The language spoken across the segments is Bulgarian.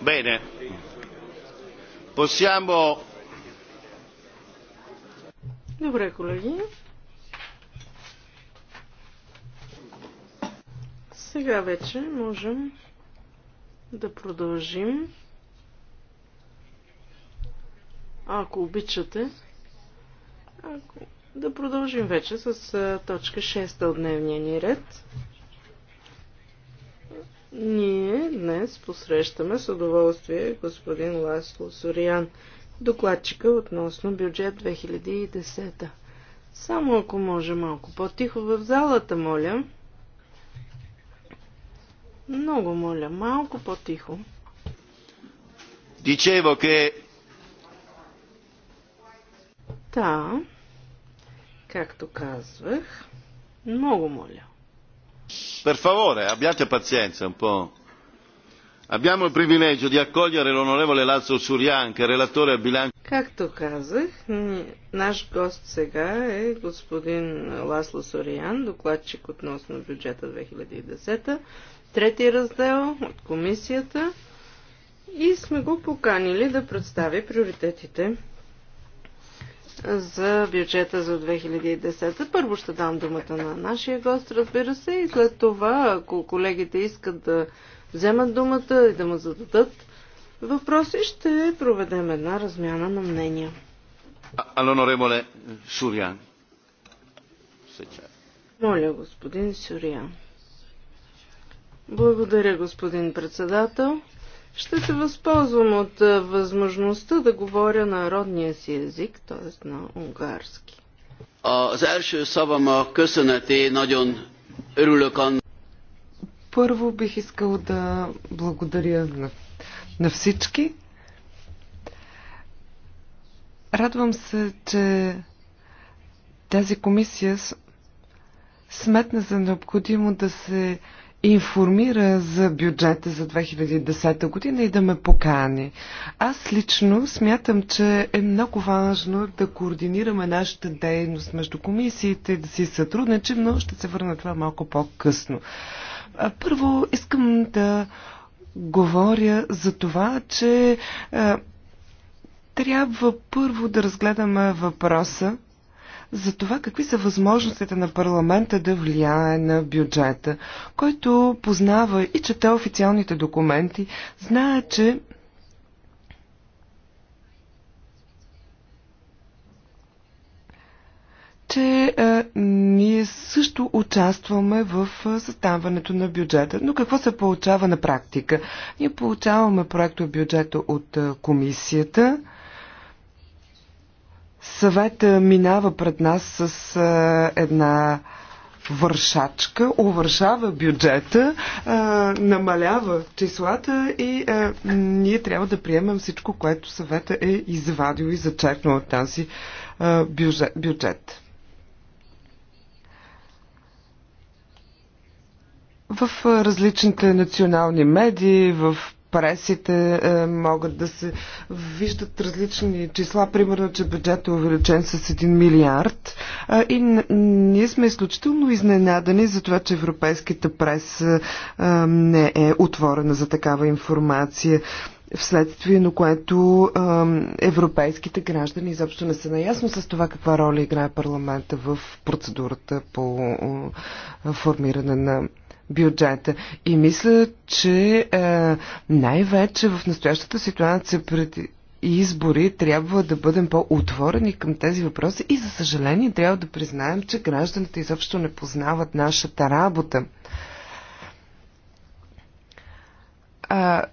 Bene. Possiamo... Добре, колеги. Сега вече можем да продължим. Ако обичате, ако... да продължим вече с точка 6 от дневния ни ред. Ние днес посрещаме с удоволствие господин Ласло Сориан, докладчика относно бюджет 2010. Само ако може малко по-тихо в залата, моля. Много моля, малко по-тихо. Дичево, ке... Та, както казвах, много моля per favore abbiate pazienza un po'. Abbiamo il privilegio di accogliere l'onorevole Lazzo Surian, che è relatore al bilancio. Както казах, наш гост сега е господин Ласло Сориан, докладчик относно бюджета 2010, трети раздел от комисията и сме го поканили да представи приоритетите за бюджета за 2010. Първо ще дам думата на нашия гост, разбира се, и след това, ако колегите искат да вземат думата и да му зададат въпроси, ще проведем една размяна на мнения. Алонореболе Сурян. Моля, господин Сурян. Благодаря, господин председател. Ще се възползвам от възможността да говоря на родния си език, т.е. на унгарски. Az első szavam a köszöneté, nagyon örülök annak. Първо бих искал да благодаря на, на всички. Радвам се, че тази комисия сметна за необходимо да се информира за бюджета за 2010 година и да ме покани. Аз лично смятам, че е много важно да координираме нашата дейност между комисиите, да си сътрудничим, но ще се върна това малко по-късно. Първо искам да говоря за това, че трябва първо да разгледаме въпроса за това какви са възможностите на парламента да влияе на бюджета, който познава и чете официалните документи, знае, че че е, ние също участваме в е, съставането на бюджета. Но какво се получава на практика? Ние получаваме проекто бюджета от е, комисията, Съвета минава пред нас с една вършачка, увършава бюджета, а, намалява числата и а, ние трябва да приемем всичко, което съвета е извадил и зачеркнал от тази а, бюджет. бюджет. В различните национални медии, в пресите е, могат да се виждат различни числа, примерно, че бюджетът е увеличен с 1 милиард. Е, и ние сме изключително изненадани за това, че европейската прес е, не е отворена за такава информация вследствие на което е, европейските граждани изобщо не са наясно с това каква роля играе парламента в процедурата по е, формиране на бюджета. И мисля, че е, най-вече в настоящата ситуация преди избори трябва да бъдем по-отворени към тези въпроси и за съжаление трябва да признаем, че гражданите изобщо не познават нашата работа.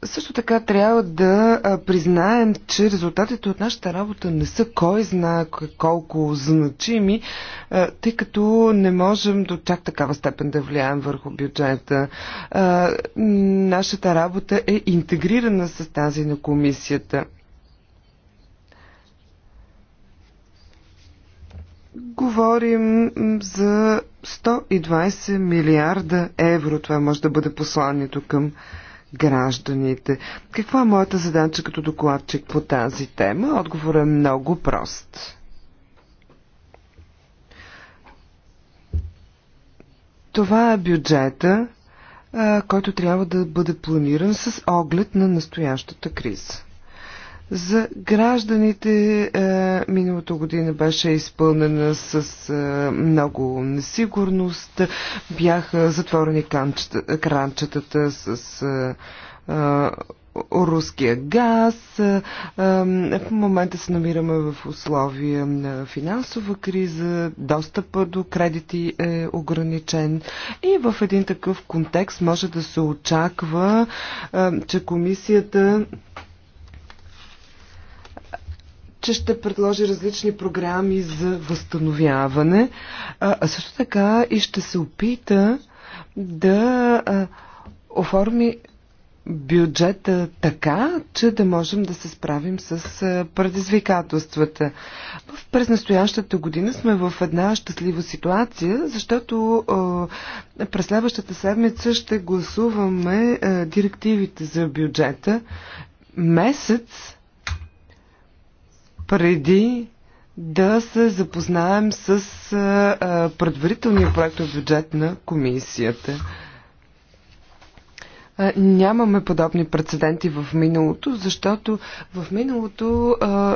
също така трябва да признаем, че резултатите от нашата работа не са кой знае колко значими, тъй като не можем до чак такава степен да влияем върху бюджета. нашата работа е интегрирана с тази на комисията. говорим за 120 милиарда евро. Това може да бъде посланието към гражданите. Каква е моята задача като докладчик по тази тема? Отговор е много прост. Това е бюджета, който трябва да бъде планиран с оглед на настоящата криза. За гражданите е, миналото година беше изпълнена с е, много несигурност, бяха затворени кранчетата с е, руския газ. в момента се намираме в условия на финансова криза, достъпа до кредити е ограничен и в един такъв контекст може да се очаква, че комисията че ще предложи различни програми за възстановяване, а също така и ще се опита да а, оформи бюджета така, че да можем да се справим с предизвикателствата. В през настоящата година сме в една щастлива ситуация, защото през следващата седмица ще гласуваме директивите за бюджета. Месец преди да се запознаем с предварителния проект от бюджет на комисията. Нямаме подобни прецеденти в миналото, защото в миналото а,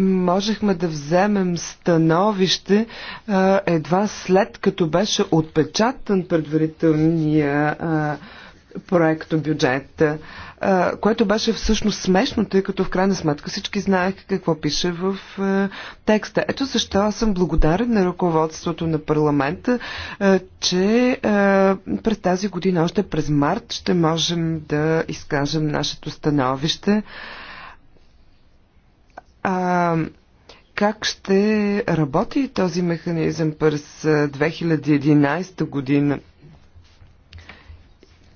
можехме да вземем становище а, едва след като беше отпечатан предварителния а, проекто бюджет, което беше всъщност смешно, тъй като в крайна сметка всички знаеха какво пише в текста. Ето защо аз съм благодарен на ръководството на парламента, че през тази година, още през март, ще можем да изкажем нашето становище. А, как ще работи този механизъм през 2011 година?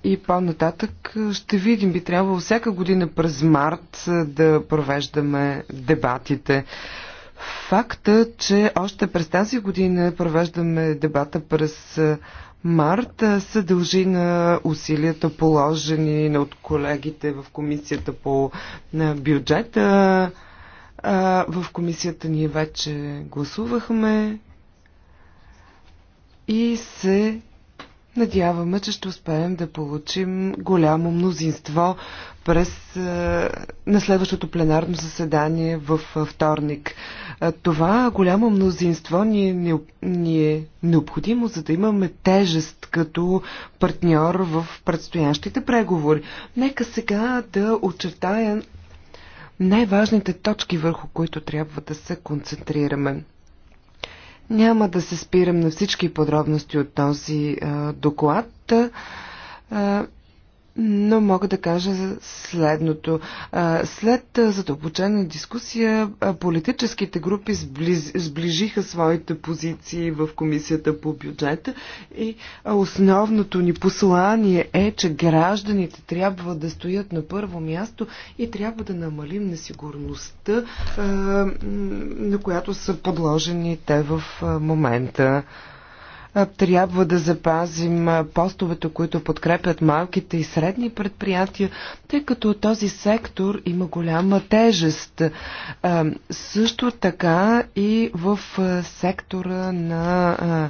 И по-нататък ще видим, би трябвало всяка година през март да провеждаме дебатите. Факта, че още през тази година провеждаме дебата през март, се дължи на усилията положени от колегите в комисията по бюджета. В комисията ние вече гласувахме и се Надяваме, че ще успеем да получим голямо мнозинство през е, на следващото пленарно заседание в е, вторник. Е, това голямо мнозинство ни е, ни е необходимо, за да имаме тежест като партньор в предстоящите преговори. Нека сега да очертая най-важните точки, върху които трябва да се концентрираме. Няма да се спирам на всички подробности от този доклад но мога да кажа следното. След задълбочена дискусия, политическите групи сближиха своите позиции в Комисията по бюджета и основното ни послание е, че гражданите трябва да стоят на първо място и трябва да намалим несигурността, на която са подложени те в момента. Трябва да запазим постовете, които подкрепят малките и средни предприятия, тъй като този сектор има голяма тежест. Също така и в сектора на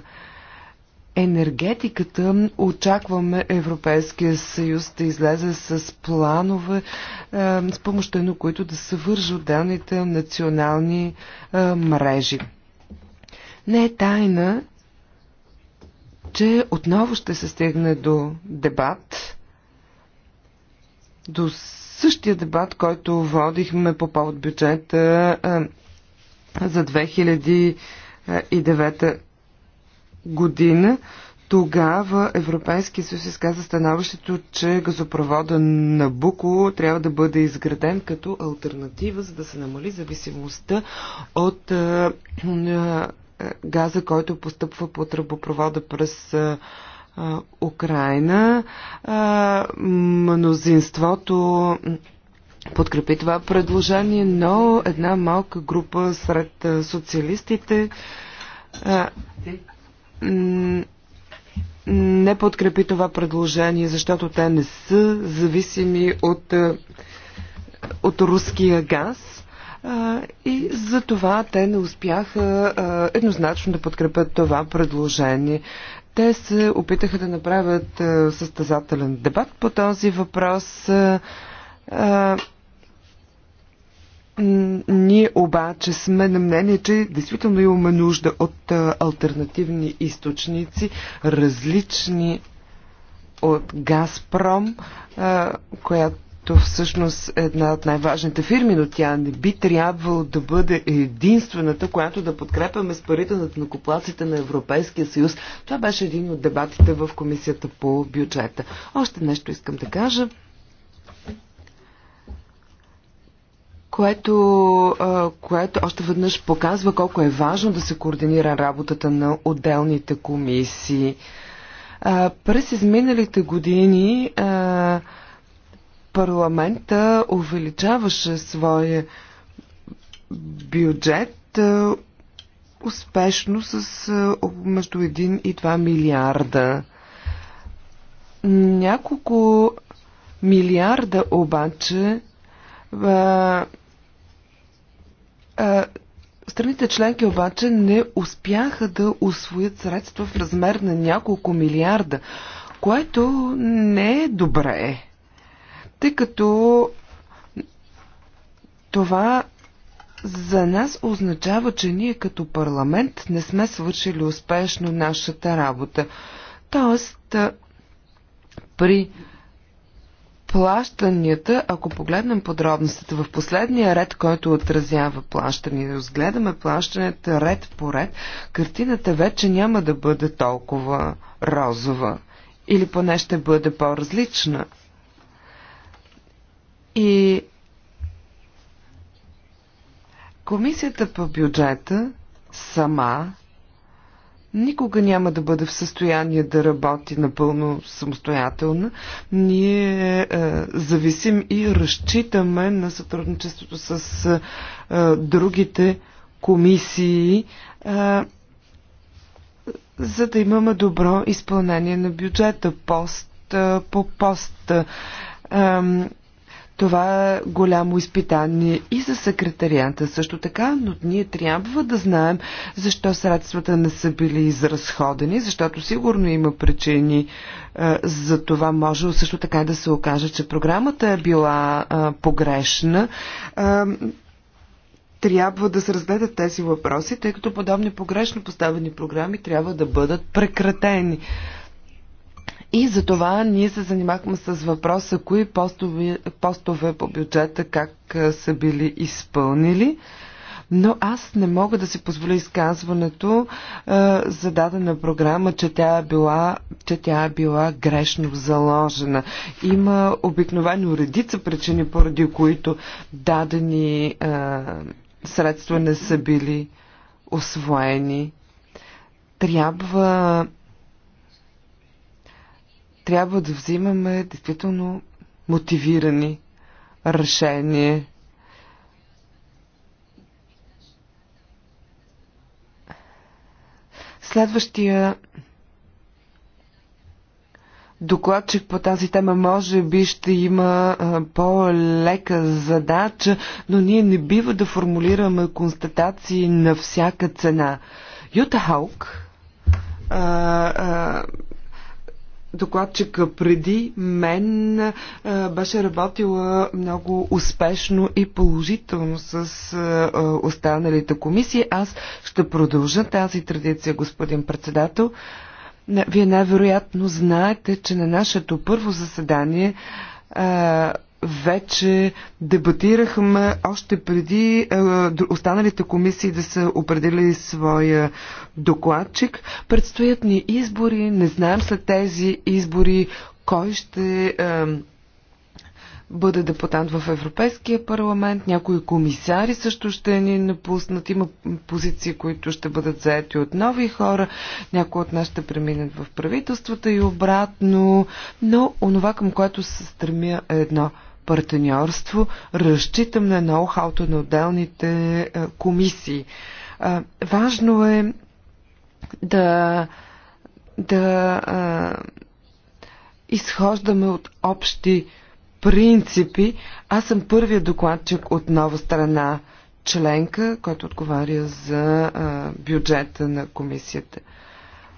енергетиката очакваме Европейския съюз да излезе с планове, с помощта на които да се вържи отделните национални мрежи. Не е тайна, че отново ще се стигне до дебат, до същия дебат, който водихме по повод бюджета за 2009 година. Тогава Европейския съюз изказа становището, че газопровода на Буко трябва да бъде изграден като альтернатива, за да се намали зависимостта от газа, който постъпва по тръбопровода през Украина. Мнозинството подкрепи това предложение, но една малка група сред социалистите не подкрепи това предложение, защото те не са зависими от, от руския газ и за това те не успяха еднозначно да подкрепят това предложение. Те се опитаха да направят състезателен дебат по този въпрос. Ние обаче сме на мнение, че действително имаме нужда от альтернативни източници, различни от Газпром, която то всъщност е една от най-важните фирми, но тя не би трябвало да бъде единствената, която да подкрепяме с парите на накоплаците на Европейския съюз. Това беше един от дебатите в комисията по бюджета. Още нещо искам да кажа. което, което още веднъж показва колко е важно да се координира работата на отделните комисии. През изминалите години парламента увеличаваше своя бюджет е, успешно с е, между 1 и 2 милиарда. Няколко милиарда обаче а, е, а, Страните членки обаче не успяха да освоят средства в размер на няколко милиарда, което не е добре тъй като това за нас означава, че ние като парламент не сме свършили успешно нашата работа. Тоест, при плащанията, ако погледнем подробностите в последния ред, който отразява плащания, разгледаме плащанията ред по ред, картината вече няма да бъде толкова розова. Или поне ще бъде по-различна. И комисията по бюджета сама никога няма да бъде в състояние да работи напълно самостоятелно. Ние е, зависим и разчитаме на сътрудничеството с е, е другите комисии, е, за да имаме добро изпълнение на бюджета пост е, по пост. Е, това е голямо изпитание и за секретарията също така, но ние трябва да знаем защо средствата не са били изразходени, защото сигурно има причини е, за това. Може също така да се окаже, че програмата е била е, погрешна е, трябва да се разгледат тези въпроси, тъй като подобни погрешно поставени програми трябва да бъдат прекратени. И за това ние се занимахме с въпроса, кои постове, постове по бюджета как са били изпълнили. Но аз не мога да си позволя изказването е, за дадена програма, че тя, е била, че тя е била грешно заложена. Има обикновено редица причини, поради които дадени е, средства не са били освоени. Трябва трябва да взимаме действително мотивирани решения. Следващия докладчик по тази тема може би ще има по-лека задача, но ние не бива да формулираме констатации на всяка цена. Юта Хаук а, а, докладчика преди мен беше работила много успешно и положително с останалите комисии. Аз ще продължа тази традиция, господин председател. Вие най-вероятно знаете, че на нашето първо заседание вече дебатирахме още преди е, останалите комисии да са определили своя докладчик. Предстоят ни избори, не знаем след тези избори кой ще е, бъде депутат в Европейския парламент, някои комисари също ще ни напуснат, има позиции, които ще бъдат заети от нови хора, някои от нас ще преминат в правителствата и обратно, но онова към което се стремя е едно – партньорство. Разчитам на ноу-хауто на отделните е, комисии. Важно е да, да а, изхождаме от общи принципи. Аз съм първия докладчик от нова страна членка, който отговаря за а, бюджета на комисията.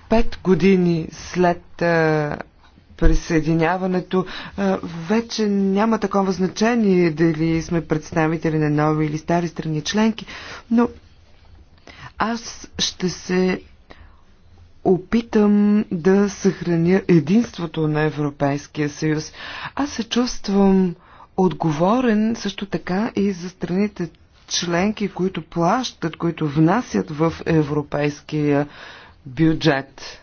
Пет години след а, присъединяването, вече няма такова значение дали сме представители на нови или стари страни членки, но аз ще се опитам да съхраня единството на Европейския съюз. Аз се чувствам отговорен също така и за страните членки, които плащат, които внасят в европейския бюджет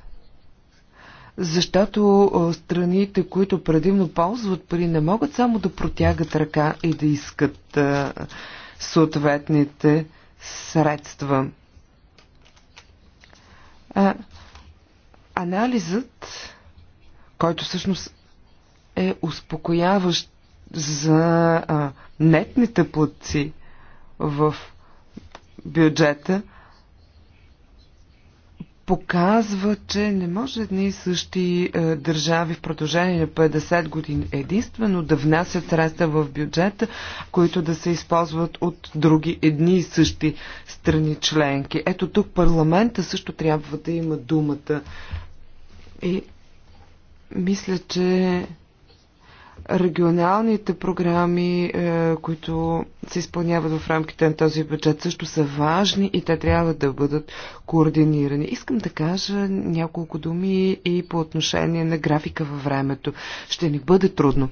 защото страните, които предимно ползват пари, не могат само да протягат ръка и да искат съответните средства. Анализът, който всъщност е успокояващ за а, нетните платци в бюджета, показва, че не може едни и същи е, държави в продължение на 50 години единствено да внасят средства в бюджета, които да се използват от други едни и същи страни членки. Ето тук парламента също трябва да има думата. И мисля, че регионалните програми, е, които се изпълняват в рамките на този бюджет, също са важни и те трябва да бъдат координирани. Искам да кажа няколко думи и по отношение на графика във времето. Ще ни бъде трудно.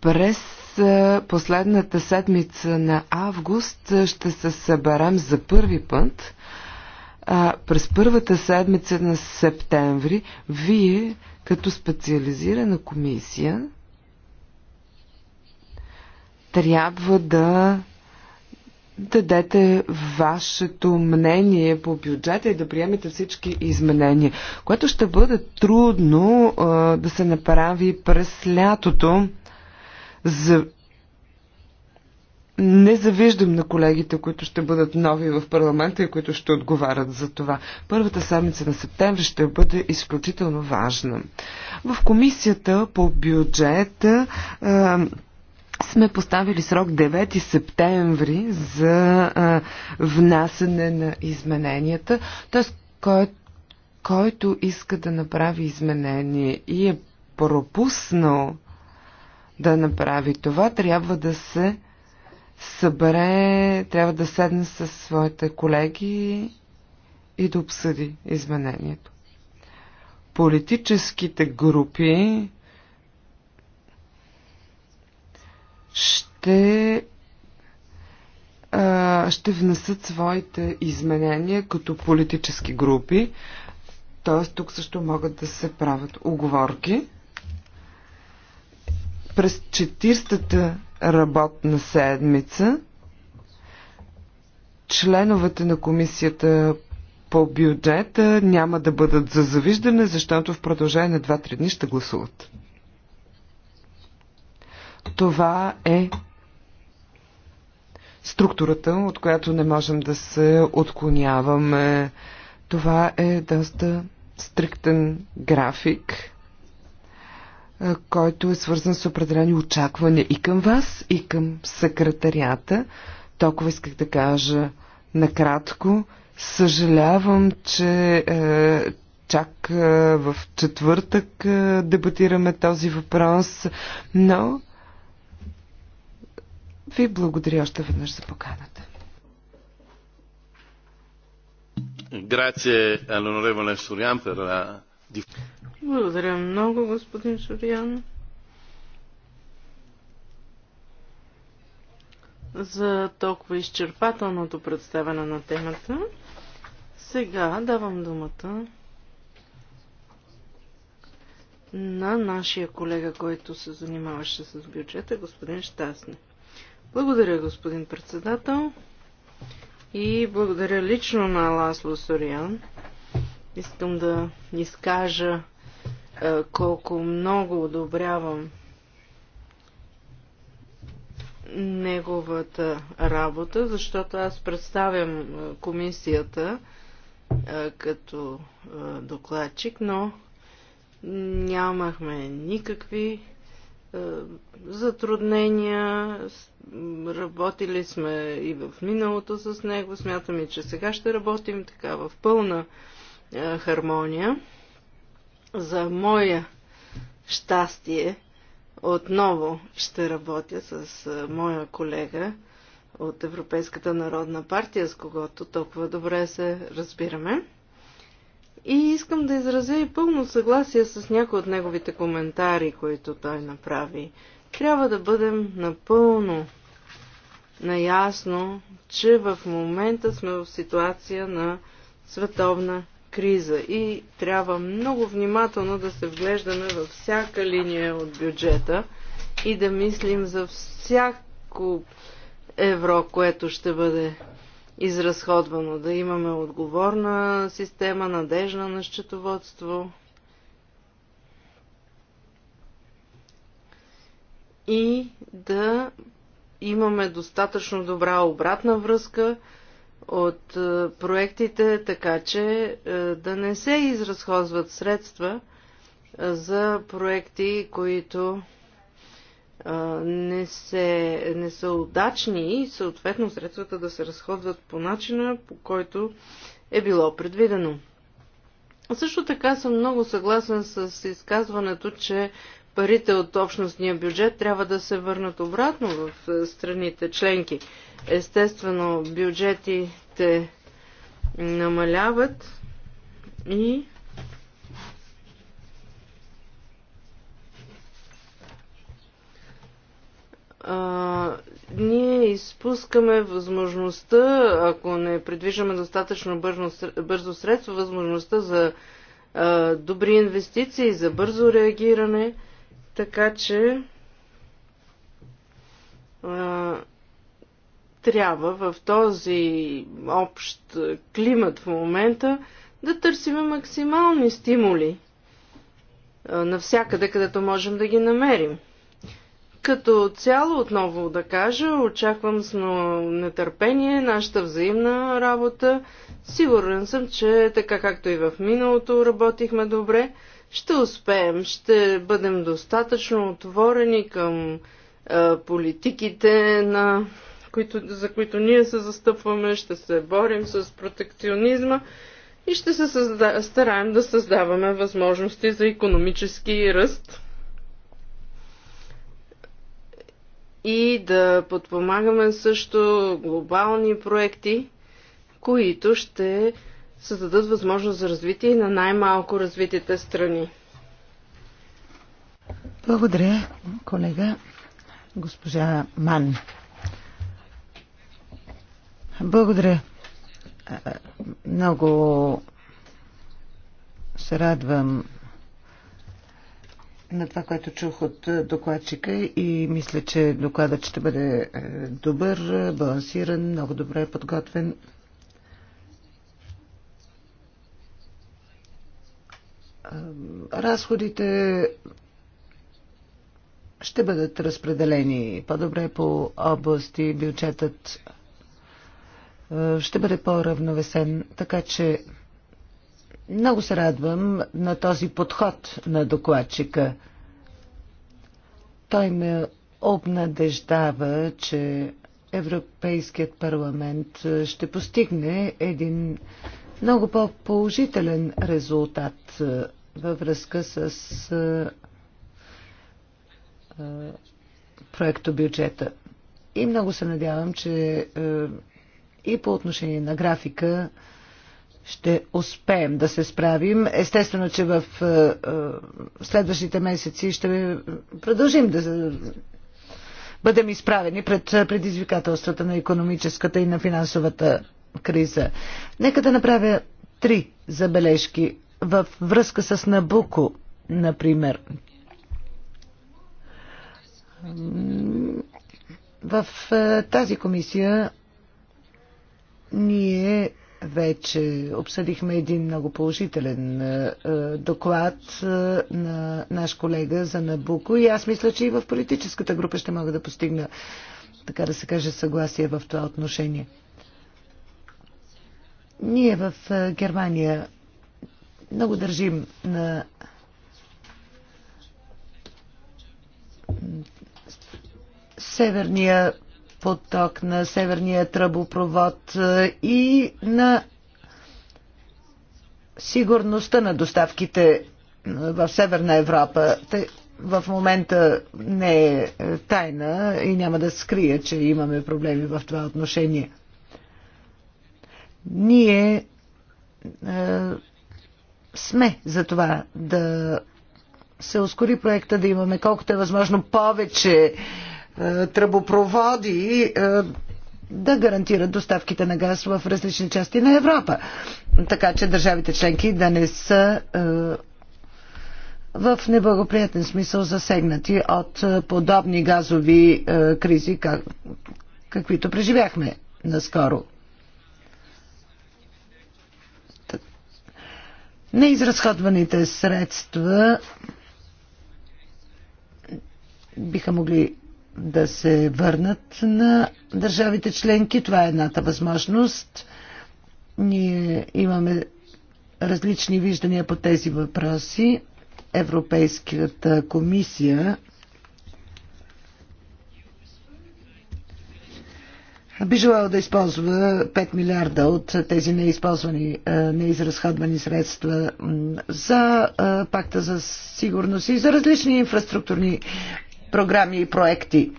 През е, последната седмица на август ще се съберем за първи път а, през първата седмица на септември вие като специализирана комисия трябва да дадете вашето мнение по бюджета и да приемете всички изменения, което ще бъде трудно а, да се направи през лятото. За, не завиждам на колегите, които ще бъдат нови в парламента и които ще отговарят за това. Първата седмица на септември ще бъде изключително важна. В комисията по бюджета сме поставили срок 9 септември за внасене на измененията, т.е. Кой, който иска да направи изменение и е пропуснал да направи това, трябва да се събере, трябва да седне с своите колеги и да обсъди изменението. Политическите групи ще ще внесат своите изменения като политически групи. Т.е. тук също могат да се правят оговорки. През 40-та работна седмица членовете на комисията по бюджета няма да бъдат за завиждане, защото в продължение на 2-3 дни ще гласуват. Това е структурата, от която не можем да се отклоняваме. Това е доста стриктен график който е свързан с определени очаквания и към вас, и към секретарията. Толкова исках да кажа накратко. Съжалявам, че е, чак е, в четвъртък е, дебатираме този въпрос, но ви благодаря още веднъж за поканата. Grazie all'onorevole Surian per la благодаря много, господин Шуриан. за толкова изчерпателното представяне на темата. Сега давам думата на нашия колега, който се занимаваше с бюджета, господин Щастни. Благодаря, господин председател. И благодаря лично на Ласло Сориан Искам да изкажа е, колко много одобрявам неговата работа, защото аз представям е, комисията е, като докладчик, но нямахме никакви затруднения. Работили сме и в миналото с него. Смятаме, че сега ще работим така в пълна е, хармония. За моя щастие отново ще работя с е, моя колега от Европейската народна партия, с когото толкова добре се разбираме. И искам да изразя и пълно съгласие с някои от неговите коментари, които той направи. Трябва да бъдем напълно наясно, че в момента сме в ситуация на световна криза и трябва много внимателно да се вглеждаме във всяка линия от бюджета и да мислим за всяко евро, което ще бъде изразходвано. Да имаме отговорна система, надежна на счетоводство. И да имаме достатъчно добра обратна връзка от е, проектите, така че е, да не се изразходват средства е, за проекти, които не, се, не са удачни и съответно средствата да се разходват по начина, по който е било предвидено. Също така съм много съгласен с изказването, че парите от общностния бюджет трябва да се върнат обратно в страните членки. Естествено, бюджетите намаляват и а, ние изпускаме възможността, ако не предвиждаме достатъчно бързо, средство, възможността за а, добри инвестиции, за бързо реагиране, така че а, трябва в този общ климат в момента да търсим максимални стимули навсякъде, където можем да ги намерим. Като цяло, отново да кажа, очаквам с нетърпение нашата взаимна работа. Сигурен съм, че така както и в миналото работихме добре, ще успеем, ще бъдем достатъчно отворени към политиките на които, за които ние се застъпваме, ще се борим с протекционизма и ще се създа... стараем да създаваме възможности за економически ръст и да подпомагаме също глобални проекти, които ще създадат възможност за развитие на най-малко развитите страни. Благодаря, колега госпожа Ман. Благодаря. Много се радвам на това, което чух от докладчика и мисля, че докладът ще бъде добър, балансиран, много добре подготвен. Разходите ще бъдат разпределени по-добре по области. Бюджетът е, ще бъде по-равновесен. Така че много се радвам на този подход на докладчика. Той ме обнадеждава, че Европейският парламент ще постигне един много по-положителен резултат е, във връзка с е, проекто бюджета. И много се надявам, че и по отношение на графика ще успеем да се справим. Естествено, че в е, е, следващите месеци ще продължим да бъдем изправени пред предизвикателствата на економическата и на финансовата криза. Нека да направя три забележки в връзка с Набуко, например. В е, тази комисия ние вече обсъдихме един много положителен е, е, доклад е, на наш колега за Набуко и аз мисля, че и в политическата група ще мога да постигна, така да се каже, съгласие в това отношение. Ние в Германия много държим на северния поток, на Северния тръбопровод е, и на сигурността на доставките е, в Северна Европа. Те в момента не е, е тайна и няма да скрия, че имаме проблеми в това отношение. Ние е, сме за това да се ускори проекта, да имаме колкото е възможно повече е, е, тръбопроводи е, да гарантират доставките на газ в различни части на Европа. Така че държавите членки да не са е, в неблагоприятен смисъл засегнати от подобни газови кризи, каквито преживяхме наскоро. Неизразходваните средства биха могли да се върнат на държавите членки. Това е едната възможност. Ние имаме различни виждания по тези въпроси. Европейската комисия би желала да използва 5 милиарда от тези неизползвани, е, неизразходвани средства за е, пакта за сигурност и за различни инфраструктурни програми и проекти.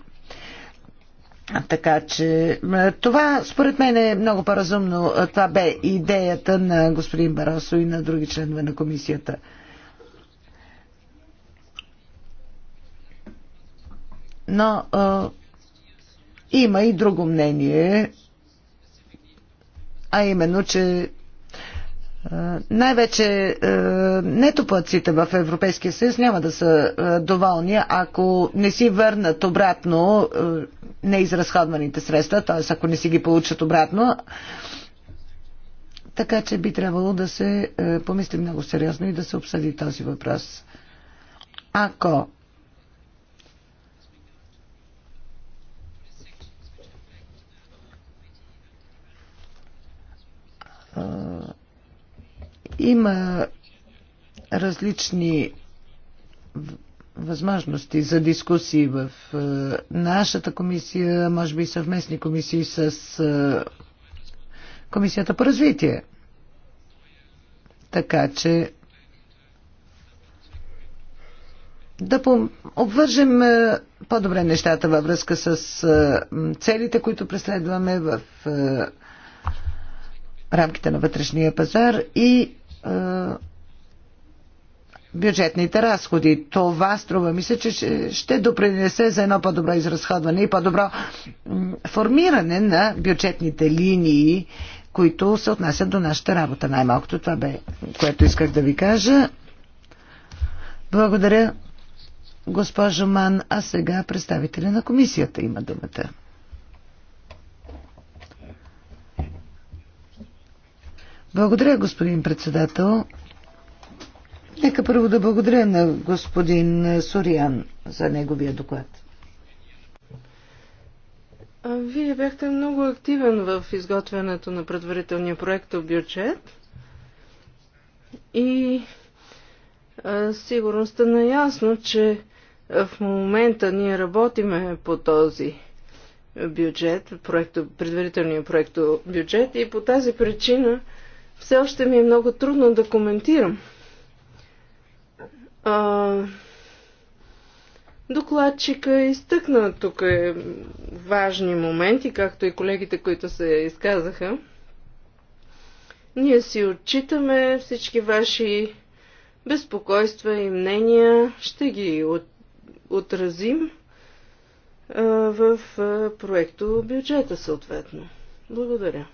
Така че това според мен е много по-разумно. Това бе идеята на господин Барасо и на други членове на комисията. Но а, има и друго мнение, а именно, че най-вече нетоплаците в Европейския съюз няма да са доволни, ако не си върнат обратно неизразходваните средства, т.е. ако не си ги получат обратно. Така че би трябвало да се помисли много сериозно и да се обсъди този въпрос. Ако Има различни възможности за дискусии в е, нашата комисия, може би съвместни комисии с е, Комисията по развитие. Така че да обвържем е, по-добре нещата във връзка с целите, които преследваме в рамките на вътрешния пазар и бюджетните разходи. Това струва ми се, че ще допринесе за едно по-добро изразходване и по-добро формиране на бюджетните линии, които се отнасят до нашата работа. Най-малкото това бе, което исках да ви кажа. Благодаря, госпожо Ман. А сега представителя на комисията има думата. Благодаря, господин председател. Нека първо да благодаря на господин Сориан за неговия доклад. Вие бяхте много активен в изготвянето на предварителния проект бюджет и сигурно сте наясно, че в момента ние работиме по този бюджет, проекто, предварителния проект бюджет и по тази причина все още ми е много трудно да коментирам. А, докладчика изтъкна тук е важни моменти, както и колегите, които се изказаха. Ние си отчитаме всички ваши безпокойства и мнения, ще ги от, отразим а, в проекто бюджета съответно. Благодаря.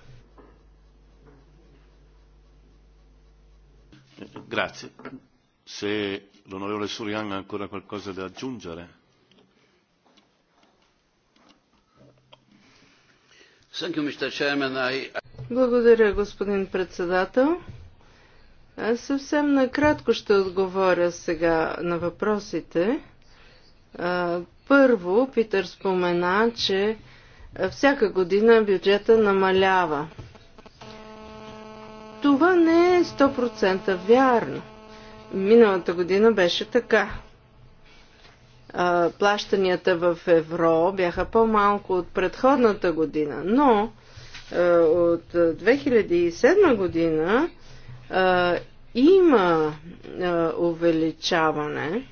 Grazie. Se l'onorevole Surian ha ancora qualcosa da aggiungere. Благодаря, господин председател. Аз съвсем накратко ще отговоря сега на въпросите. Първо, Питър спомена, че всяка година бюджета намалява. Това не е 100% вярно. Миналата година беше така. Плащанията в евро бяха по-малко от предходната година, но от 2007 година има увеличаване.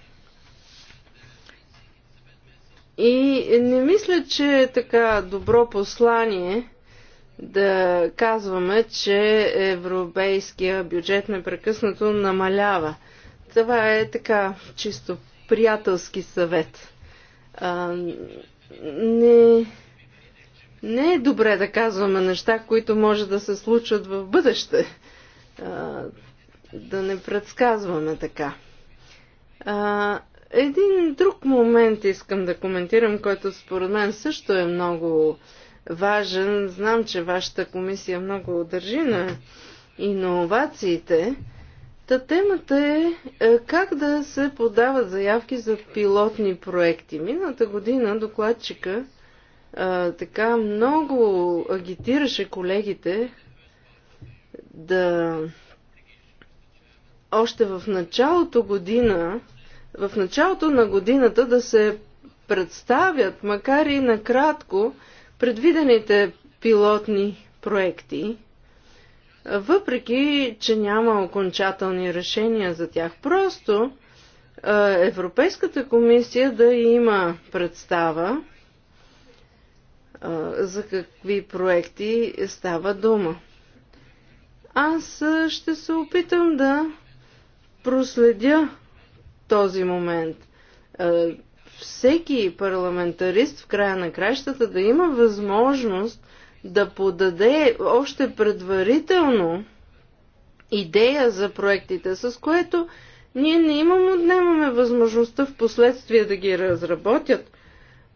И не мисля, че е така добро послание да казваме, че европейския бюджет непрекъснато намалява. Това е така чисто приятелски съвет. А, не, не е добре да казваме неща, които може да се случат в бъдеще. А, да не предсказваме така. А, един друг момент искам да коментирам, който според мен също е много важен. Знам, че вашата комисия много държи на иновациите. Та темата е, е как да се подават заявки за пилотни проекти. Миналата година докладчика а, е, така много агитираше колегите да още в началото година, в началото на годината да се представят, макар и накратко, предвидените пилотни проекти, въпреки, че няма окончателни решения за тях, просто Европейската комисия да има представа за какви проекти става дума. Аз ще се опитам да проследя този момент всеки парламентарист в края на кращата да има възможност да подаде още предварително идея за проектите, с което ние не имаме отнемаме възможността в последствие да ги разработят,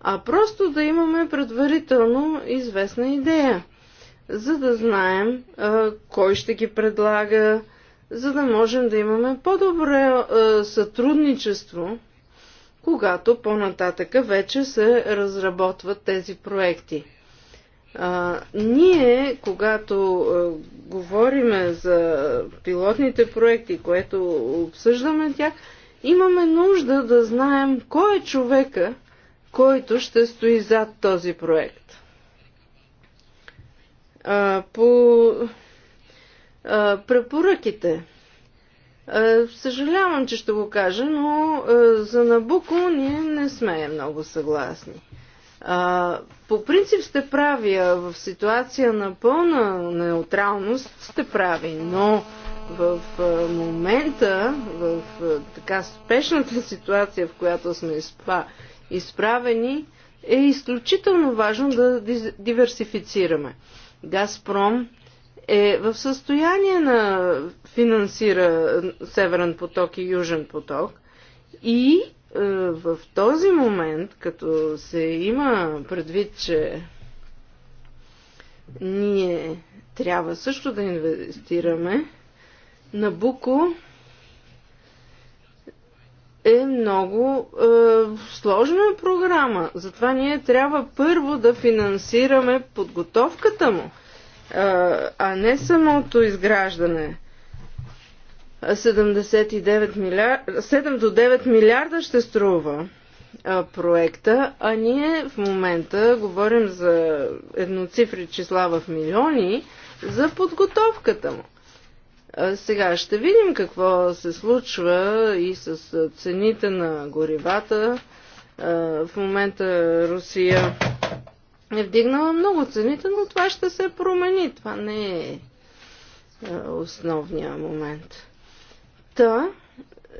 а просто да имаме предварително известна идея, за да знаем а, кой ще ги предлага, за да можем да имаме по-добре сътрудничество когато по-нататъка вече се разработват тези проекти. А, ние, когато а, говориме за пилотните проекти, което обсъждаме тях, имаме нужда да знаем кой е човека, който ще стои зад този проект. А, по а, препоръките е, съжалявам, че ще го кажа, но е, за Набуко ние не сме много съгласни. По принцип сте прави, а в ситуация на пълна неутралност сте прави, но в е, момента, в така спешната ситуация, в която сме изправени, е изключително важно да диверсифицираме. Газпром е в състояние на финансира Северен поток и Южен поток и е, в този момент, като се има предвид, че ние трябва също да инвестираме, Набуко е много е, сложна програма. Затова ние трябва първо да финансираме подготовката му – а не самото изграждане. 79 милиард, 7 до 9 милиарда ще струва проекта, а ние в момента говорим за едноцифри числа в милиони за подготовката му. Сега ще видим какво се случва и с цените на горивата. В момента Русия е вдигнала много цените, но това ще се промени. Това не е, е основния момент. Та,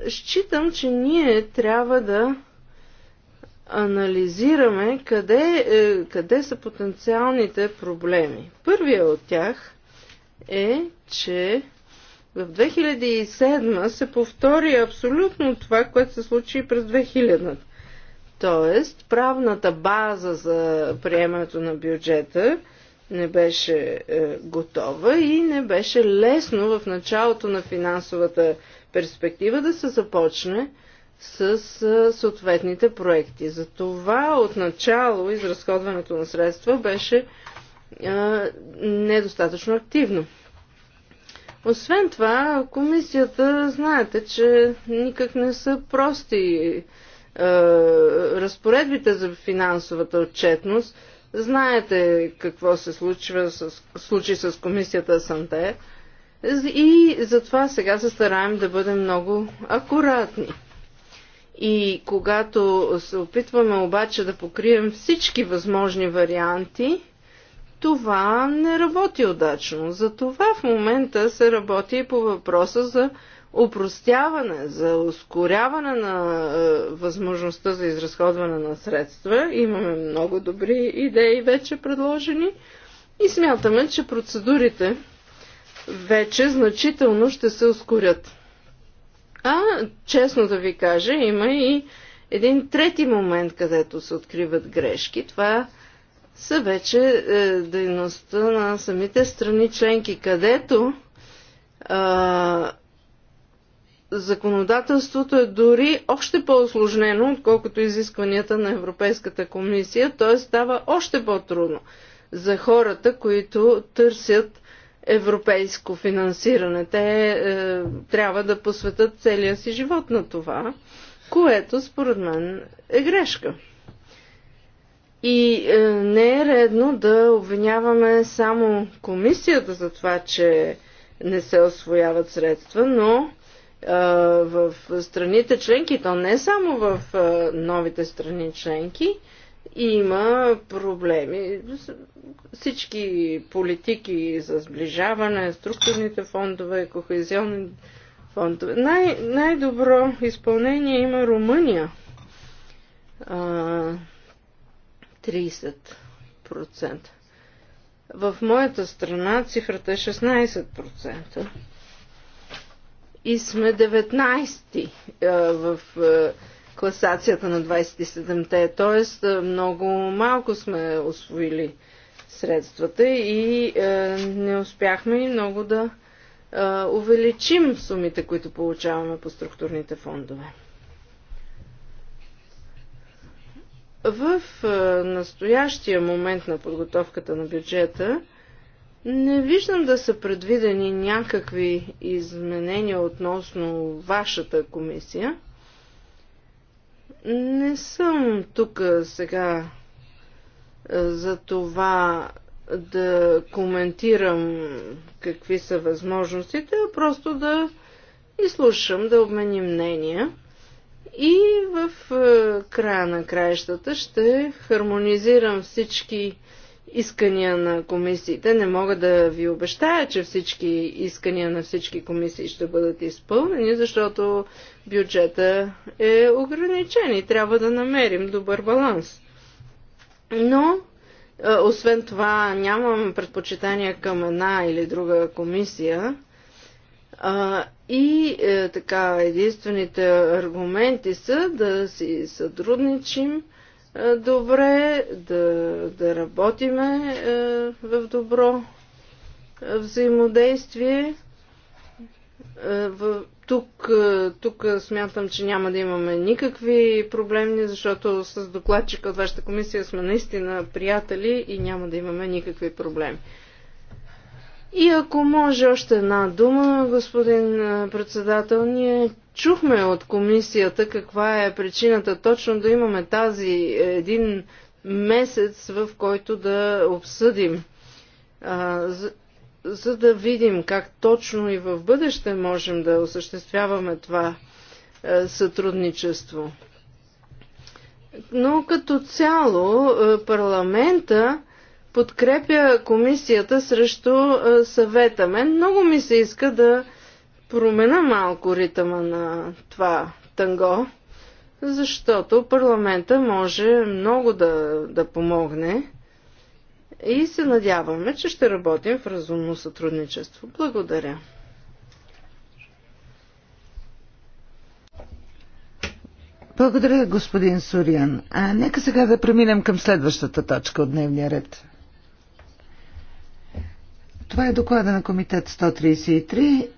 считам, че ние трябва да анализираме къде, е, къде са потенциалните проблеми. Първия от тях е, че в 2007 се повтори абсолютно това, което се случи през 2000-та. Тоест, правната база за приемането на бюджета не беше е, готова и не беше лесно в началото на финансовата перспектива да се започне с е, съответните проекти. Затова отначало изразходването на средства беше е, недостатъчно активно. Освен това, комисията, знаете, че никак не са прости е, разпоредбите за финансовата отчетност. Знаете какво се случва с, случи с комисията Санте. И затова сега се стараем да бъдем много акуратни. И когато се опитваме обаче да покрием всички възможни варианти, това не работи удачно. Затова в момента се работи и по въпроса за упростяване, за ускоряване на е, възможността за изразходване на средства. Имаме много добри идеи вече предложени и смятаме, че процедурите вече значително ще се ускорят. А, честно да ви кажа, има и един трети момент, където се откриват грешки. Това са вече е, дейността на самите страни членки, където законодателството е дори още по-осложнено, отколкото изискванията на Европейската комисия, т.е. става още по-трудно за хората, които търсят европейско финансиране. Те е, трябва да посветат целия си живот на това, което според мен е грешка. И е, не е редно да обвиняваме само комисията за това, че не се освояват средства, но в страните членки, то не само в новите страни членки, има проблеми. Всички политики за сближаване, структурните фондове, кохезионни фондове. Най- най-добро изпълнение има Румъния. 30%. В моята страна цифрата е 16% и сме 19-ти е, в е, класацията на 27-те, т.е. много малко сме освоили средствата и е, не успяхме и много да увеличим сумите, които получаваме по структурните фондове. В настоящия момент на подготовката на бюджета не виждам да са предвидени някакви изменения относно вашата комисия. Не съм тук сега е, за това да коментирам какви са възможностите, а просто да изслушам, да обменим мнения. И в е, края на краищата ще хармонизирам всички искания на комисиите. Не мога да ви обещая, че всички искания на всички комисии ще бъдат изпълнени, защото бюджета е ограничен и трябва да намерим добър баланс. Но, е, освен това, нямам предпочитания към една или друга комисия. и е, така, единствените аргументи са да си сътрудничим, е, добре, да, да работиме е, в добро е, взаимодействие. Тук, тук смятам, че няма да имаме никакви проблеми, защото с докладчика от вашата комисия сме наистина приятели и няма да имаме никакви проблеми. И ако може още една дума, господин председател, ние Чухме от комисията каква е причината точно да имаме тази е, един месец, в който да обсъдим, а, за, за да видим как точно и в бъдеще можем да осъществяваме това а, е, сътрудничество. Но като цяло е, парламента подкрепя комисията срещу съвета. Мен много ми се иска да промена малко ритъма на това танго, защото парламента може много да, да помогне и се надяваме, че ще работим в разумно сътрудничество. Благодаря. Благодаря, господин Сурян. А нека сега да преминем към следващата точка от дневния ред. Това е доклада на комитет 133 е,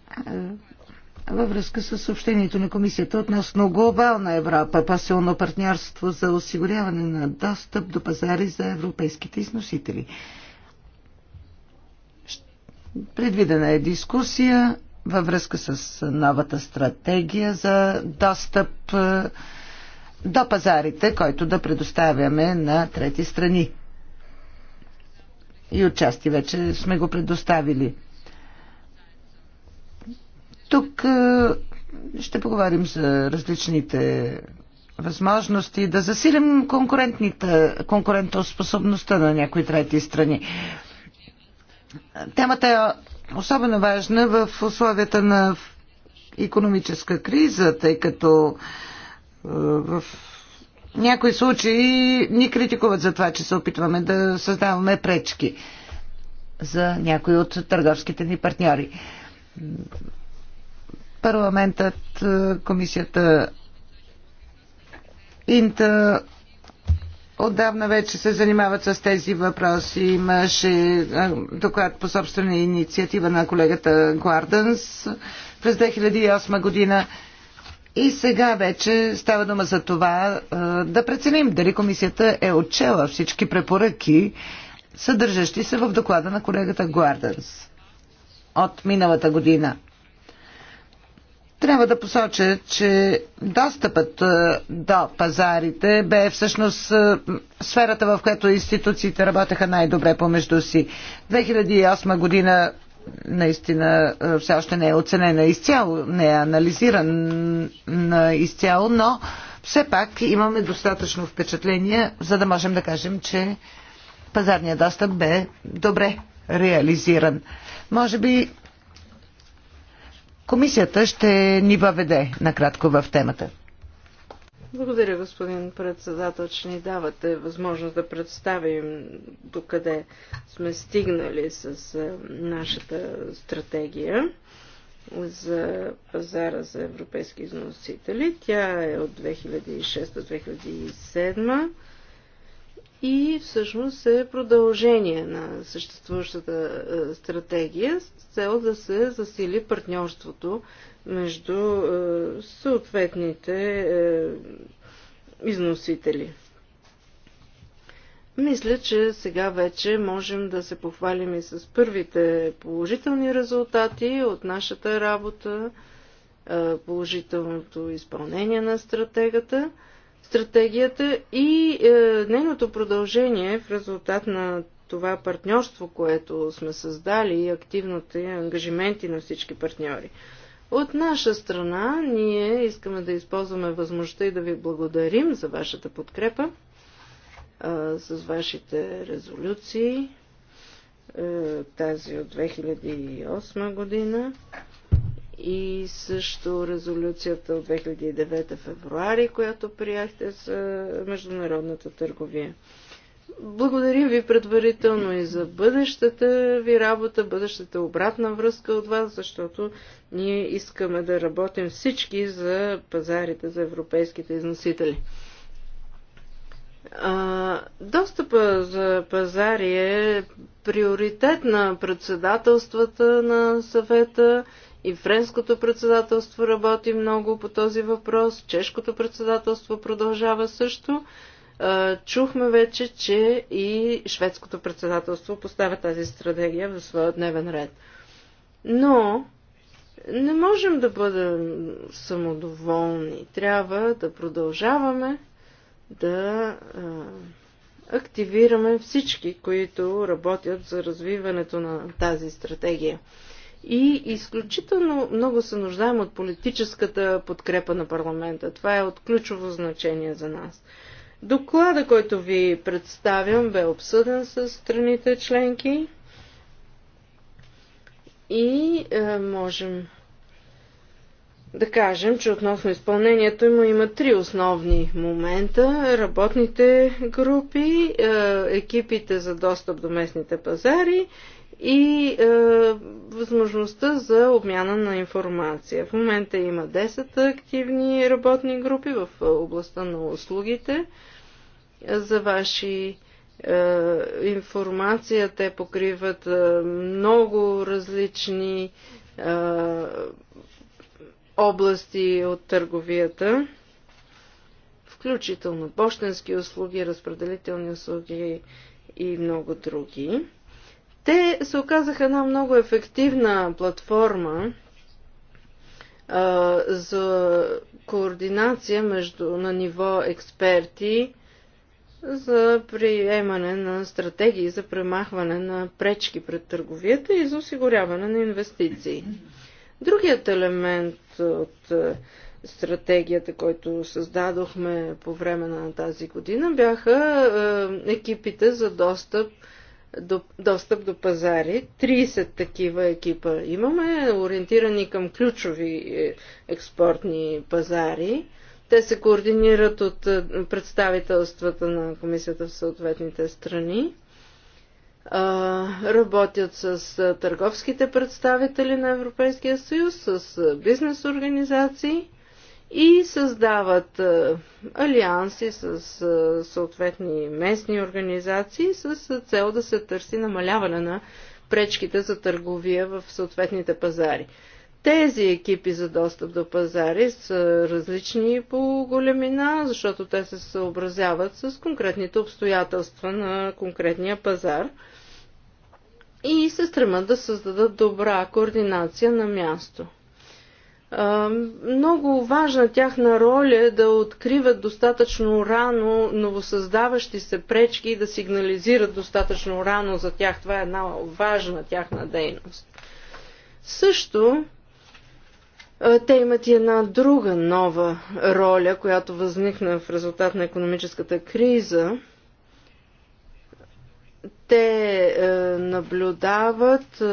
във връзка с съобщението на комисията относно глобална Европа, пасилно партньорство за осигуряване на достъп до пазари за европейските износители. Предвидена е дискусия във връзка с новата стратегия за достъп е, до пазарите, който да предоставяме на трети страни и отчасти вече сме го предоставили. Тук е, ще поговорим за различните възможности да засилим конкурентоспособността на някои трети страни. Темата е особено важна в условията на економическа криза, тъй като е, в някои случаи ни критикуват за това, че се опитваме да създаваме пречки за някои от търговските ни партньори. Парламентът, комисията Инта отдавна вече се занимават с тези въпроси. Имаше доклад по собствена инициатива на колегата Гуарденс през 2008 година. И сега вече става дума за това е, да преценим дали комисията е отчела всички препоръки, съдържащи се в доклада на колегата Гуарденс от миналата година. Трябва да посоча, че достъпът е, до пазарите бе всъщност е, сферата, в която институциите работеха най-добре помежду си. 2008 година наистина все още не е оценена изцяло, не е анализирана изцяло, но все пак имаме достатъчно впечатление, за да можем да кажем, че пазарният достъп бе добре реализиран. Може би комисията ще ни въведе накратко в темата. Благодаря, господин председател, че ни давате възможност да представим докъде сме стигнали с е, нашата стратегия за пазара за европейски износители. Тя е от 2006-2007 и всъщност е продължение на съществуващата е, стратегия с цел да се засили партньорството между е, съответните е, износители. Мисля, че сега вече можем да се похвалим и с първите положителни резултати от нашата работа, положителното изпълнение на стратегата стратегията и е, нейното продължение в резултат на това партньорство, което сме създали и активните ангажименти на всички партньори. От наша страна ние искаме да използваме възможността и да ви благодарим за вашата подкрепа, е, с вашите резолюции, е, тази от 2008 година и също резолюцията от 2009 февруари, която приехте за е, международната търговия. Благодарим ви предварително и за бъдещата ви работа, бъдещата обратна връзка от вас, защото ние искаме да работим всички за пазарите, за европейските износители. А, достъпа за пазари е приоритет на председателствата на съвета и френското председателство работи много по този въпрос, чешкото председателство продължава също. Чухме вече, че и шведското председателство поставя тази стратегия в своя дневен ред. Но не можем да бъдем самодоволни. Трябва да продължаваме да активираме всички, които работят за развиването на тази стратегия и изключително много се нуждаем от политическата подкрепа на парламента. Това е от ключово значение за нас. Доклада, който ви представям, бе обсъден с страните членки и е, можем да кажем, че относно изпълнението има, има три основни момента. Работните групи, е, екипите за достъп до местните пазари и е, възможността за обмяна на информация. В момента има 10 активни работни групи в областта на услугите. За ваши е, информация те покриват е, много различни е, области от търговията, включително почтенски услуги, разпределителни услуги и много други. Те се оказаха една много ефективна платформа а, за координация между, на ниво експерти за приемане на стратегии за премахване на пречки пред търговията и за осигуряване на инвестиции. Другият елемент от стратегията, който създадохме по време на тази година, бяха екипите за достъп до, достъп до пазари. 30 такива екипа имаме, ориентирани към ключови е, експортни пазари. Те се координират от е, представителствата на комисията в съответните страни. Работят с е, търговските представители на Европейския съюз, с бизнес организации и създават е, алианси с е, съответни местни организации с е, цел да се търси намаляване на пречките за търговия в съответните пазари. Тези екипи за достъп до пазари са различни по големина, защото те се съобразяват с конкретните обстоятелства на конкретния пазар и се стремат да създадат добра координация на място. Много важна тяхна роля е да откриват достатъчно рано новосъздаващи се пречки и да сигнализират достатъчно рано за тях. Това е една важна тяхна дейност. Също те имат и една друга нова роля, която възникна в резултат на економическата криза – те е, наблюдават е,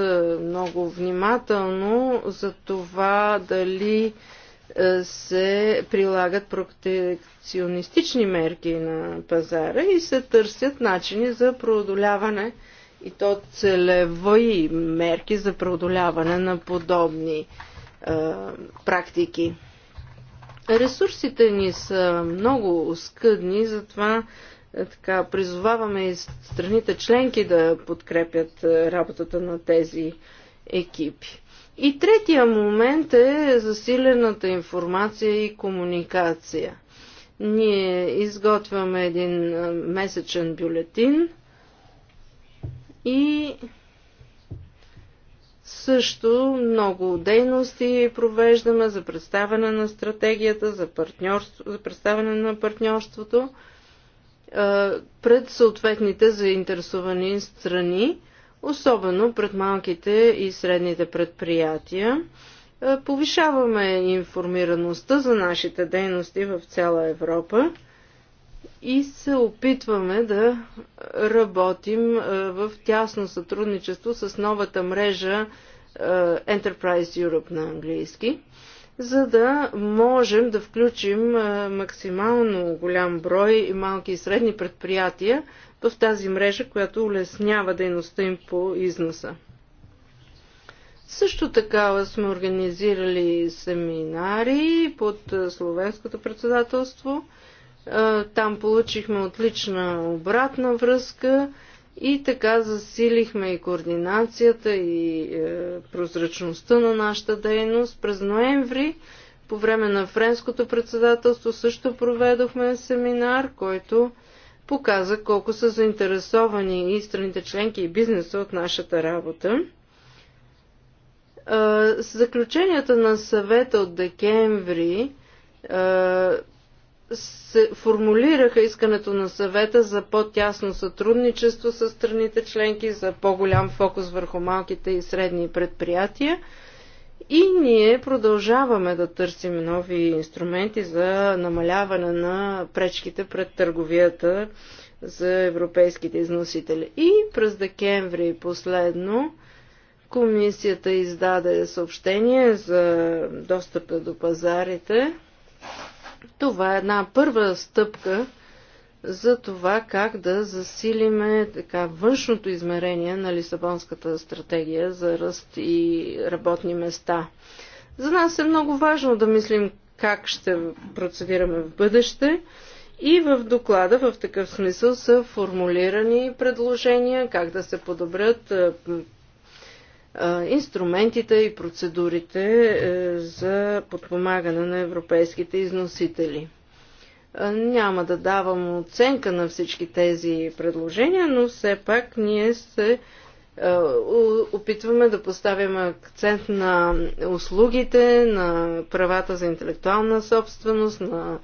много внимателно за това дали е, се прилагат протекционистични мерки на пазара и се търсят начини за преодоляване и то целеви мерки за преодоляване на подобни е, практики. Ресурсите ни са много скъдни, затова е, така, призоваваме и страните членки да подкрепят е, работата на тези екипи. И третия момент е засилената информация и комуникация. Ние изготвяме един е, месечен бюлетин и също много дейности провеждаме за представяне на стратегията, за, за представяне на партньорството пред съответните заинтересовани страни, особено пред малките и средните предприятия. Повишаваме информираността за нашите дейности в цяла Европа и се опитваме да работим в тясно сътрудничество с новата мрежа Enterprise Europe на английски за да можем да включим максимално голям брой и малки и средни предприятия в тази мрежа, която улеснява дейността им по износа. Също така сме организирали семинари под Словенското председателство. Там получихме отлична обратна връзка. И така засилихме и координацията и е, прозрачността на нашата дейност. През ноември, по време на френското председателство, също проведохме семинар, който показа колко са заинтересовани и страните членки и бизнеса от нашата работа. Е, с заключенията на съвета от декември е, се формулираха искането на съвета за по-тясно сътрудничество с страните членки, за по-голям фокус върху малките и средни предприятия. И ние продължаваме да търсим нови инструменти за намаляване на пречките пред търговията за европейските износители. И през декември последно комисията издаде съобщение за достъпа до пазарите това е една първа стъпка за това как да засилиме така, външното измерение на Лисабонската стратегия за ръст и работни места. За нас е много важно да мислим как ще процедираме в бъдеще. И в доклада в такъв смисъл са формулирани предложения как да се подобрят инструментите и процедурите е, за подпомагане на европейските износители. Няма да давам оценка на всички тези предложения, но все пак ние се е, опитваме да поставим акцент на услугите, на правата за интелектуална собственост, на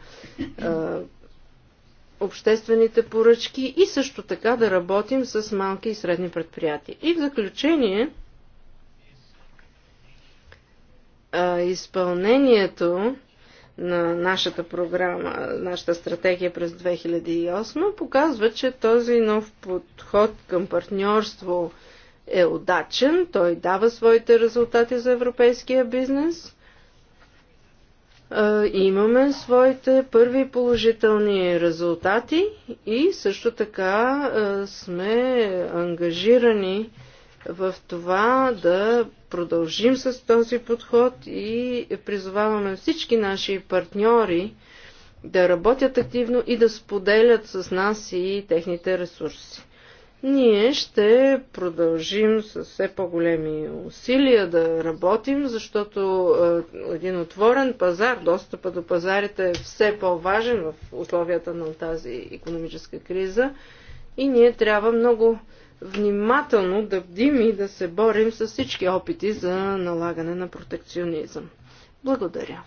обществените поръчки и също така да работим с малки и средни предприятия. И в заключение, изпълнението на нашата програма, нашата стратегия през 2008 показва, че този нов подход към партньорство е удачен, той дава своите резултати за европейския бизнес. Имаме своите първи положителни резултати и също така сме ангажирани в това да продължим с този подход и призоваваме всички наши партньори да работят активно и да споделят с нас и техните ресурси. Ние ще продължим с все по-големи усилия да работим, защото е, един отворен пазар, достъпа до пазарите е все по-важен в условията на тази економическа криза и ние трябва много внимателно да бдим и да се борим с всички опити за налагане на протекционизъм. Благодаря.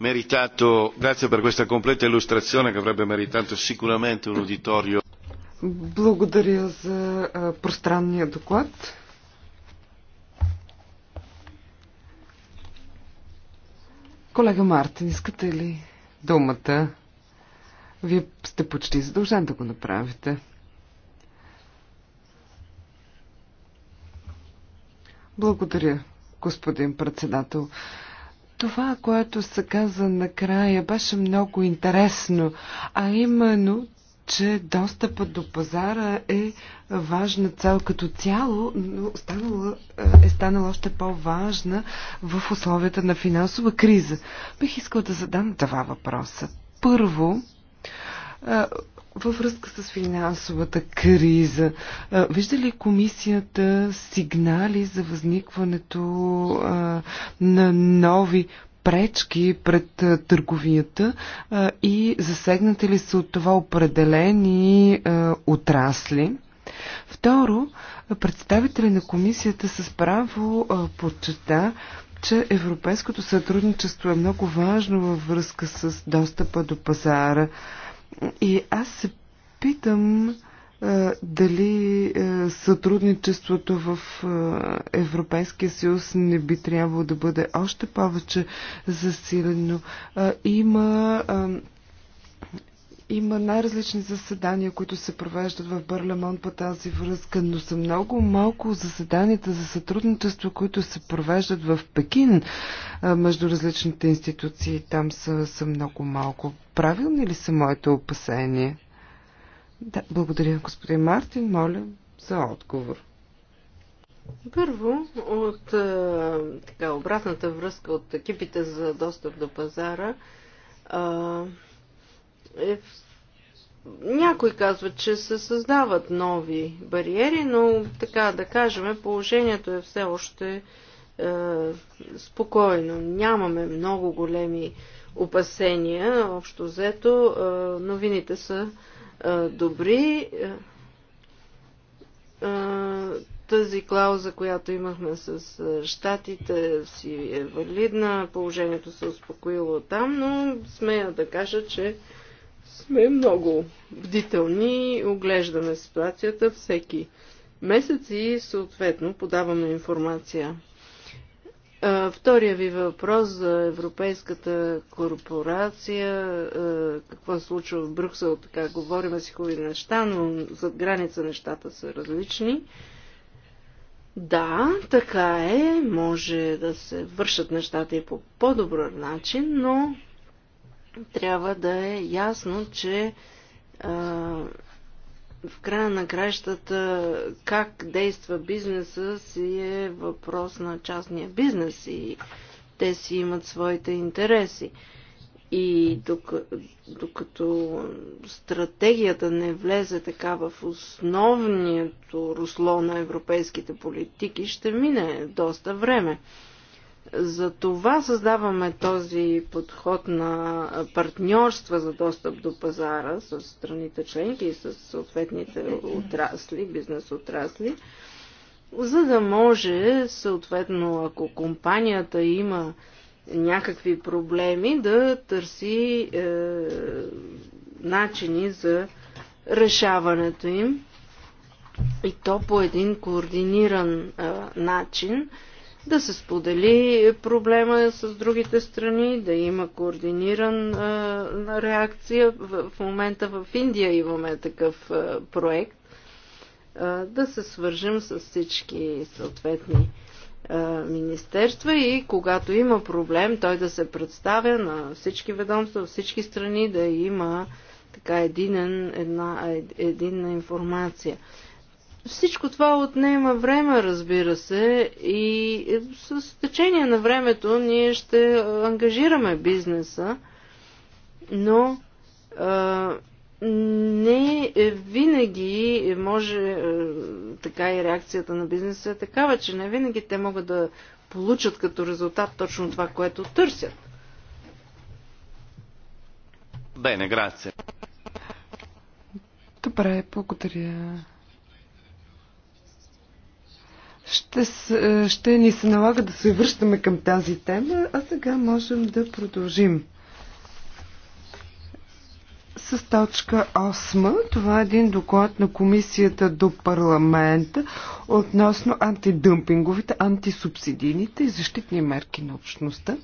Meritato, grazie per questa completa illustrazione che avrebbe meritato sicuramente un uditorio. Благодаря за а, пространния доклад. Колега Мартин, искате ли думата? Вие сте почти задължен да го направите. Благодаря, господин председател. Това, което се каза накрая, беше много интересно, а именно, че достъпът до пазара е важна цел като цяло, но станала, е станала още по-важна в условията на финансова криза. Бих искал да задам два въпроса. Първо, във връзка с финансовата криза, вижда ли комисията сигнали за възникването на нови пречки пред търговията и засегнати ли са от това определени отрасли? Второ, представители на комисията с право подчерта, че европейското сътрудничество е много важно във връзка с достъпа до пазара. И аз се питам дали сътрудничеството в Европейския съюз не би трябвало да бъде още повече засилено. Има има най-различни заседания, които се провеждат в Бърлемон по тази връзка, но са много малко заседанията за сътрудничество, които се провеждат в Пекин между различните институции. Там са, са много малко. Правилни ли са моите опасения? Да, благодаря, господин Мартин. Моля за отговор. Първо, от така, обратната връзка от екипите за достъп до пазара, е, някои казват, че се създават нови бариери, но така да кажем, положението е все още е, спокойно. Нямаме много големи опасения, общо взето. Е, новините са е, добри. Е, е, тази клауза, която имахме с е, щатите, си е валидна. Положението се успокоило там, но смея да кажа, че сме много бдителни, оглеждаме ситуацията всеки месец и съответно подаваме информация. Втория ви въпрос за Европейската корпорация, какво се случва в Брюксел, така говорим си хубави неща, но зад граница нещата са различни. Да, така е, може да се вършат нещата и по по-добър начин, но трябва да е ясно, че а, в края на кращата как действа бизнеса си е въпрос на частния бизнес и те си имат своите интереси. И докато стратегията не влезе така в основното русло на европейските политики, ще мине доста време. За това създаваме този подход на партньорства за достъп до пазара с страните членки и с съответните отрасли, бизнес отрасли, за да може съответно, ако компанията има някакви проблеми, да търси е, начини за решаването им и то по един координиран е, начин да се сподели проблема с другите страни, да има координирана реакция. В момента в Индия имаме такъв проект. Да се свържим с всички съответни министерства и когато има проблем, той да се представя на всички ведомства, всички страни, да има така единен, една, единна информация. Всичко това отнема време, разбира се, и с течение на времето ние ще ангажираме бизнеса, но а, не винаги може така и реакцията на бизнеса е такава, че не винаги те могат да получат като резултат точно това, което търсят. Бене, грация. Добре, благодаря ще, е, ще ни се налага да се връщаме към тази тема, а сега можем да продължим. С точка 8, това е един доклад на комисията до парламента относно антидъмпинговите, антисубсидийните и защитни мерки на общността.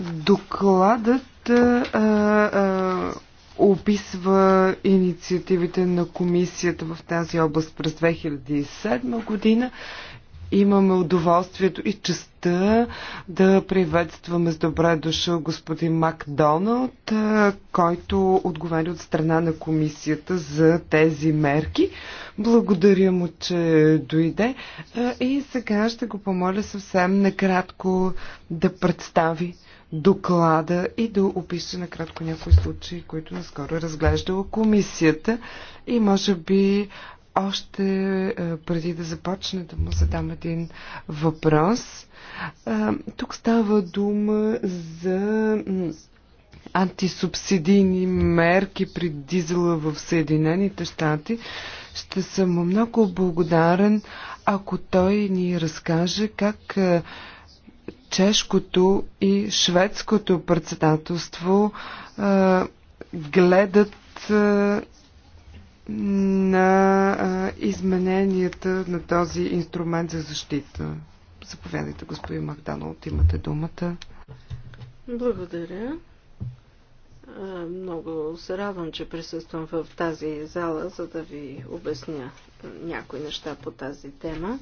Докладът а, е, а, е, описва инициативите на комисията в тази област през 2007 година. Имаме удоволствието и честа да приветстваме с добре дошъл господин Макдоналд, който отговаря от страна на комисията за тези мерки. Благодаря му, че дойде. И сега ще го помоля съвсем накратко да представи доклада и да опише накратко някои случаи, които наскоро е разглеждала комисията и може би още е, преди да започне да му задам един въпрос. Е, тук става дума за антисубсидийни мерки при дизела в Съединените щати. Ще съм много благодарен, ако той ни разкаже как е, чешкото и шведското председателство а, гледат а, на а, измененията на този инструмент за защита. Заповядайте, господин от имате думата. Благодаря. Много се радвам, че присъствам в тази зала, за да ви обясня някои неща по тази тема.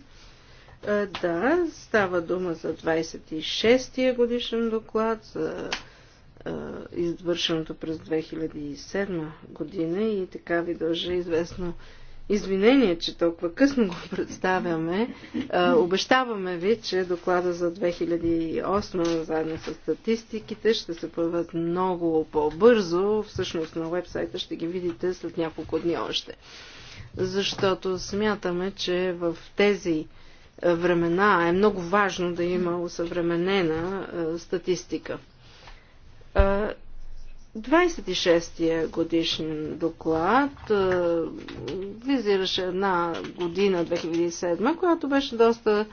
Е, да, става дума за 26-я годишен доклад за е, извършеното през 2007 година и така ви дължа известно извинение, че толкова късно го представяме. Е, обещаваме ви, че доклада за 2008 заедно с статистиките ще се появят много по-бързо. Всъщност на вебсайта ще ги видите след няколко дни още. Защото смятаме, че в тези е, времена е много важно да има усъвременена е, статистика. 26-я е, годишен доклад визираше една година, 2007, която беше доста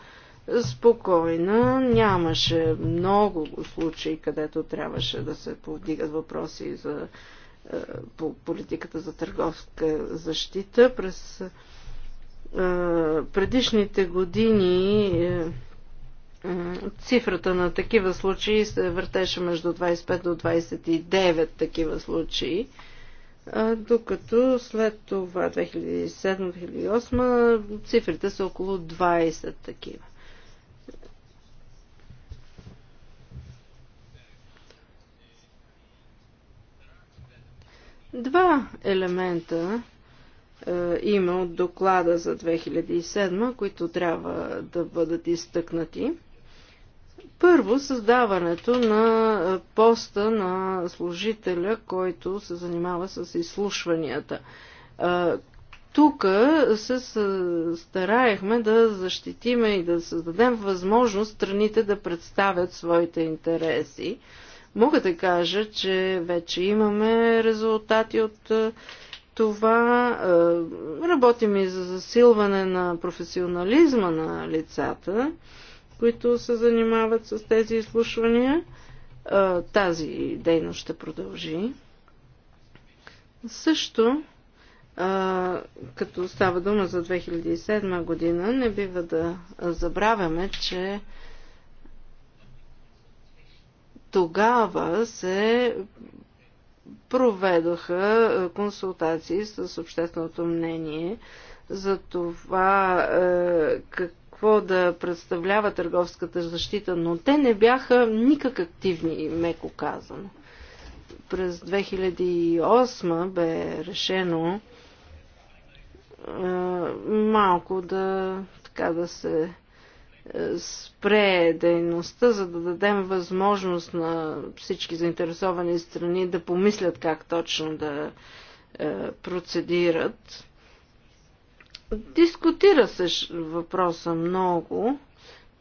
спокойна. Нямаше много случаи, където трябваше да се повдигат въпроси за по политиката за търговска защита. През предишните години е, е, цифрата на такива случаи се въртеше между 25 до 29 такива случаи, докато след това 2007-2008 цифрите са около 20 такива. Два елемента е, има от доклада за 2007, които трябва да бъдат изтъкнати. Първо, създаването на е, поста на служителя, който се занимава с изслушванията. Е, тук се стараехме да защитиме и да създадем възможност страните да представят своите интереси. Мога да кажа, че вече имаме резултати от това е, работим и за засилване на професионализма на лицата, които се занимават с тези изслушвания. Е, тази дейност ще продължи. Също, е, като става дума за 2007 година, не бива да забравяме, че тогава се проведоха е, консултации с общественото мнение за това е, какво да представлява търговската защита, но те не бяха никак активни, меко казано. През 2008 бе решено е, малко да, така да се спре дейността, за да дадем възможност на всички заинтересовани страни да помислят как точно да е, процедират. Дискутира се въпроса много,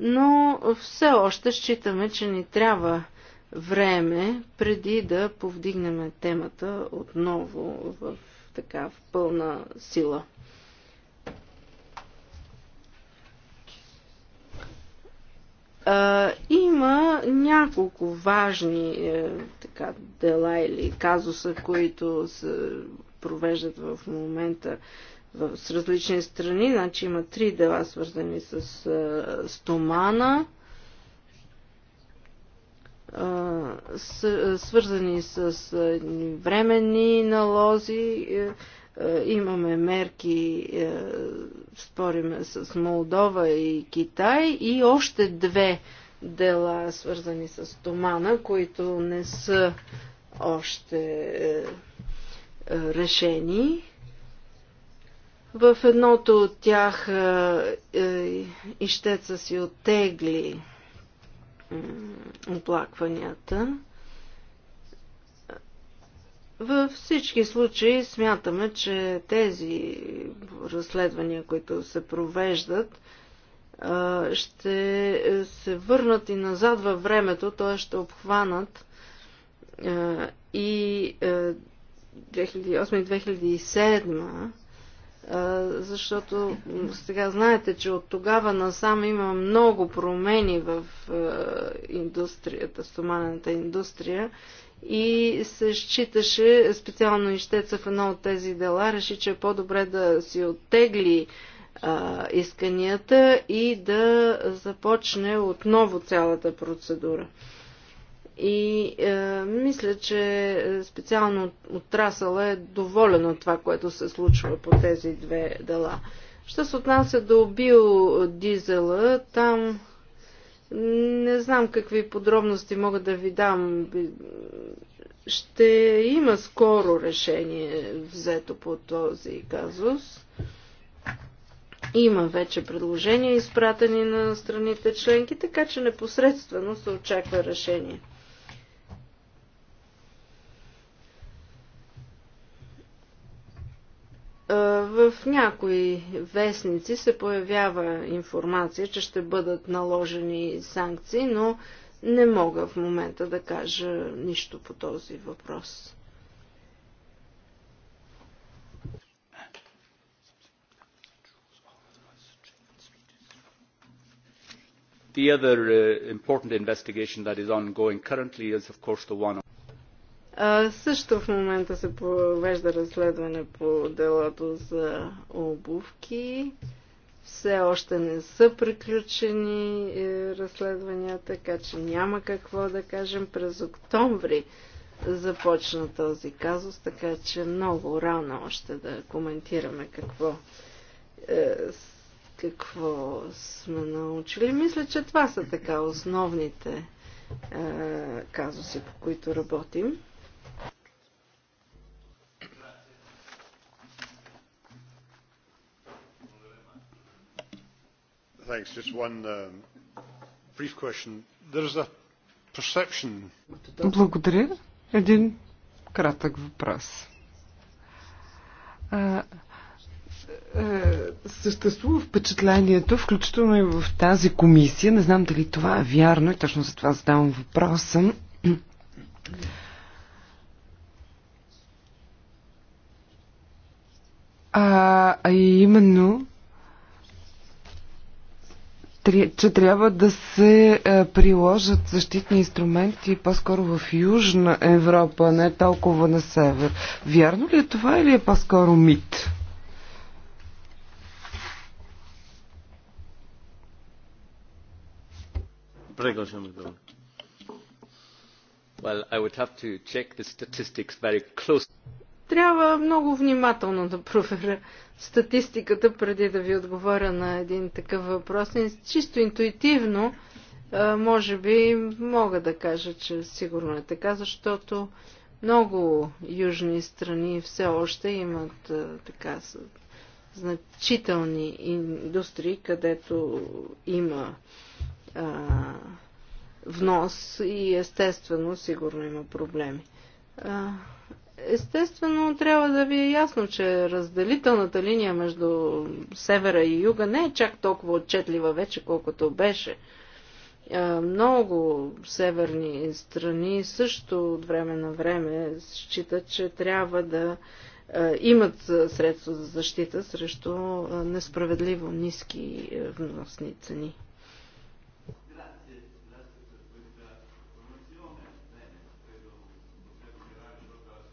но все още считаме, че ни трябва време преди да повдигнем темата отново в така в пълна сила. има няколко важни е, така, дела или казуса, които се провеждат в момента в, с различни страни. Значи има три дела, свързани с е, стомана, е, свързани с е, временни налози. Е, е, имаме мерки, е, спориме с Молдова и Китай и още две дела, свързани с Томана, които не са още е, решени. В едното от тях ищеца си оттегли оплакванията. Във всички случаи смятаме, че тези разследвания, които се провеждат, ще се върнат и назад във времето, т.е. ще обхванат и 2008-2007 защото сега знаете, че от тогава насам има много промени в индустрията, стоманената индустрия и се считаше, специално ищеца в едно от тези дела, реши, че е по-добре да си оттегли а, исканията и да започне отново цялата процедура. И е, мисля, че специално отрасъл е доволен от това, което се случва по тези две дела. Що се отнася до биодизела, там не знам какви подробности мога да ви дам. Ще има скоро решение взето по този казус. Има вече предложения изпратени на страните членки, така че непосредствено се очаква решение. В някои вестници се появява информация, че ще бъдат наложени санкции, но не мога в момента да кажа нищо по този въпрос. The other uh, important investigation that is ongoing currently is, of course, the one. Също в момента се провежда разследване по делото за обувки. Все още не са приключени е, разследвания, така че няма какво да кажем. През октомври започна този казус, така че много рано още да коментираме какво, е, какво сме научили. Мисля, че това са така основните е, казуси, по които работим. Thanks. Just one um, brief question. a perception. Благодаря. Един кратък въпрос. А, съществува впечатлението, включително и в тази комисия, не знам дали това е вярно и точно за това задавам въпроса, а, а именно че трябва да се е, приложат защитни инструменти по-скоро в Южна Европа, не толкова на север. Вярно ли е това или е по-скоро мит? Well, I would have to check the statistics very closely. Трябва много внимателно да проверя статистиката преди да ви отговоря на един такъв въпрос. Чисто интуитивно, може би, мога да кажа, че сигурно е така, защото много южни страни все още имат така значителни индустрии, където има а, внос и естествено сигурно има проблеми. А, Естествено, трябва да ви е ясно, че разделителната линия между севера и юга не е чак толкова отчетлива вече, колкото беше. Много северни страни също от време на време считат, че трябва да имат средства за защита срещу несправедливо ниски вносни цени.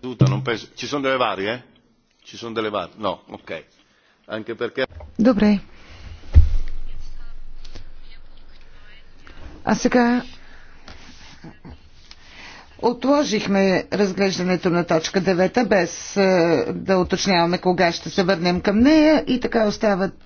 Добре. Eh? А сега отложихме разглеждането на точка 9 без е, да уточняваме кога ще се върнем към нея и така остават